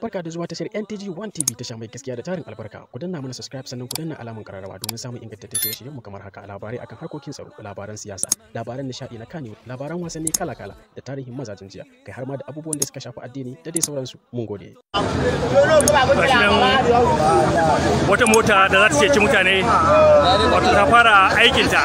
Barka da zuwa tashar NTG One TV ta mai gaskiya da tarin albarka. Ku danna mana subscribe sannan ku danna alamun kararrawa domin samun ingantaccen shirye mu kamar haka labarai akan harkokin tsaro, labaran siyasa, labaran nishadi na kanewa, labaran wasanni kala-kala da tarihin mazajen jiya, kai har ma da abubuwan da suka shafi addini da dai sauransu. Mun gode. Wata mota da za ta ceci mutane wato ta fara aikinta.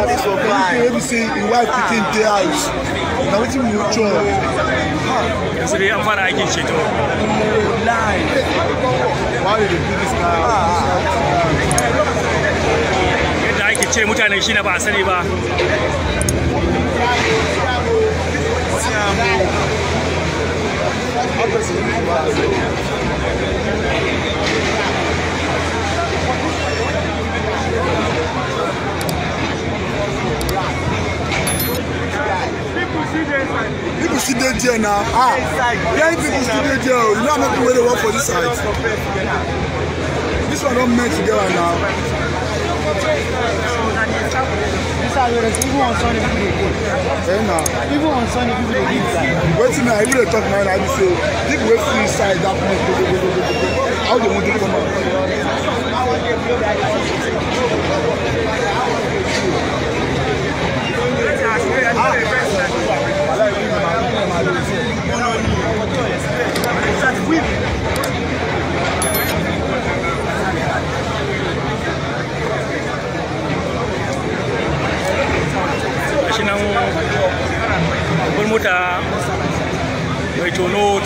pass pikin wey be say wife pikin dey house na wetin we an fara yadda ake ce mutane shi na ba a sani ba Thank people still dey there na ah plenty people still dey there you know how many people wey work for this side this one don melt together na. Even on Sunday, people dey go. Even on Sunday, people dey give time. Wetin na even dey talk now na be say people wey free inside that place how do go want to come out.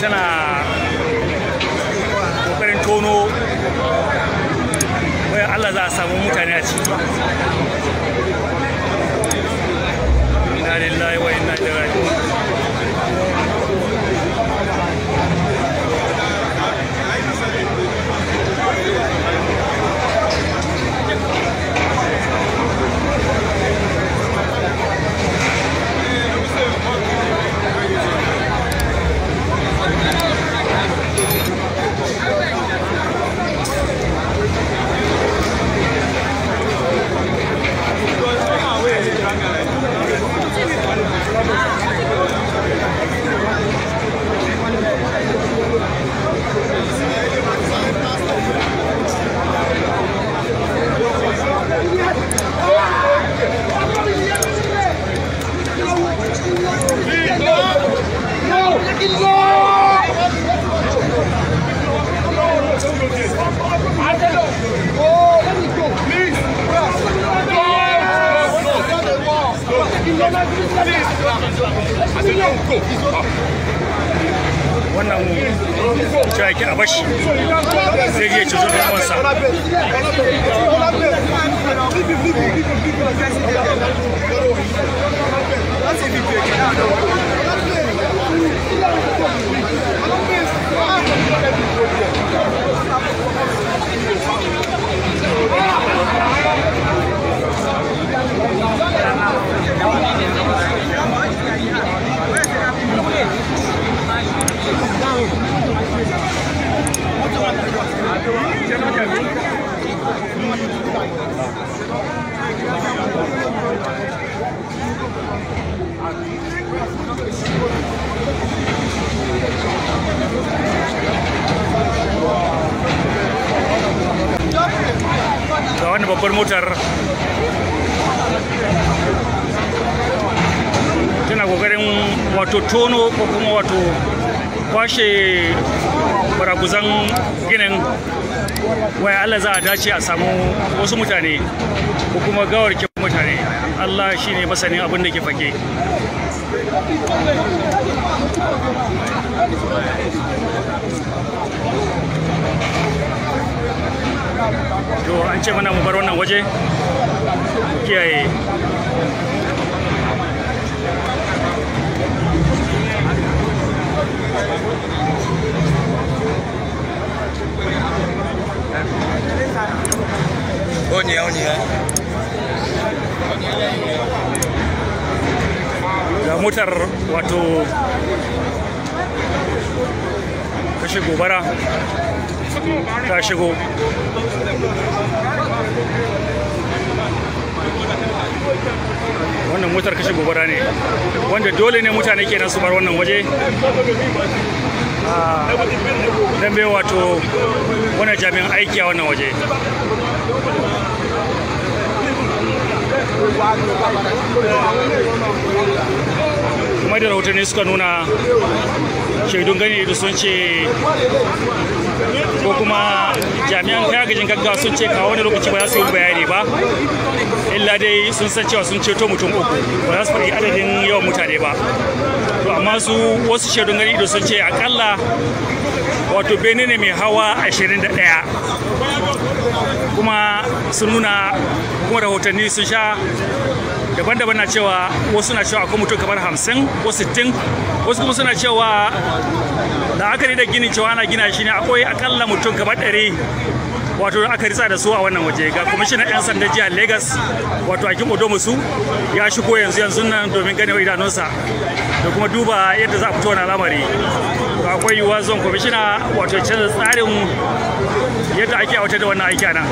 tana kokarin tono bayan allah za a samu mutane a ciki inna lillahi wa inna ilaihi raji'un ce ake a bashi zai iya ci zuwa masa That's sabuwar motar tana kokarin wato tono ko kuma wato kwashe baraguzan ginin waya Allah za a dace a samu wasu mutane ko kuma gawarkin mutane Allah shi ne masanin abin da ke fake to an ce mana mu bar wannan waje kiyaye Ogni, Da eh. motar wato kashe gobara ta shigo wannan motar kashe gobara ne wanda dole ne mutane nan su bar wannan waje ah, bai wato wani jami'an aiki a wannan waje kamar da rahotanni suka nuna shaidun gani da sun ce ko kuma jami'an kayagajin gaggawa sun ce kawo wani lokaci ba za su yi bayani ba illa dai sun san cewa sun ceto mutum uku ba za su faɗi adadin yawan mutane ba to amma su wasu shaidun gani da sun ce akalla wato bene ne mai hawa 21 kuma sun nuna kuma rahotanni sun sha daban-daban na cewa wasu na cewa akwai mutum kamar hamsin ko sittin wasu kuma suna cewa da la'akari da gini cewa ana gina shi ne akwai akalla mutum kamar ɗari wato aka ritsa da su a wannan waje ga kwamishinan 'yan sanda jihar lagos wato akin odomusu ya shigo yanzu yanzu nan domin wa idanunsa da kuma duba yadda za a fito wannan lamari akwai yiwuwa zuwan kwamishina wato canza tsarin yadda ake aiwatar da wannan aiki a nan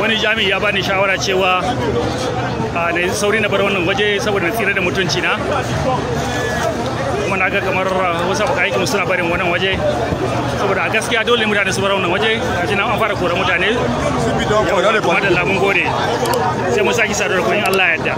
wani jami'i ya bani shawara cewa ah, na sauri na bar wannan waje saboda na tsira da mutunci na kuma na ga kamar ah, wasu abokan aikin suna barin wannan waje saboda a gaskiya dole mutane su bar wannan waje gashi nan an fara kora mutane kuma da lamun gode sai mun saki saduwar kun Allah ya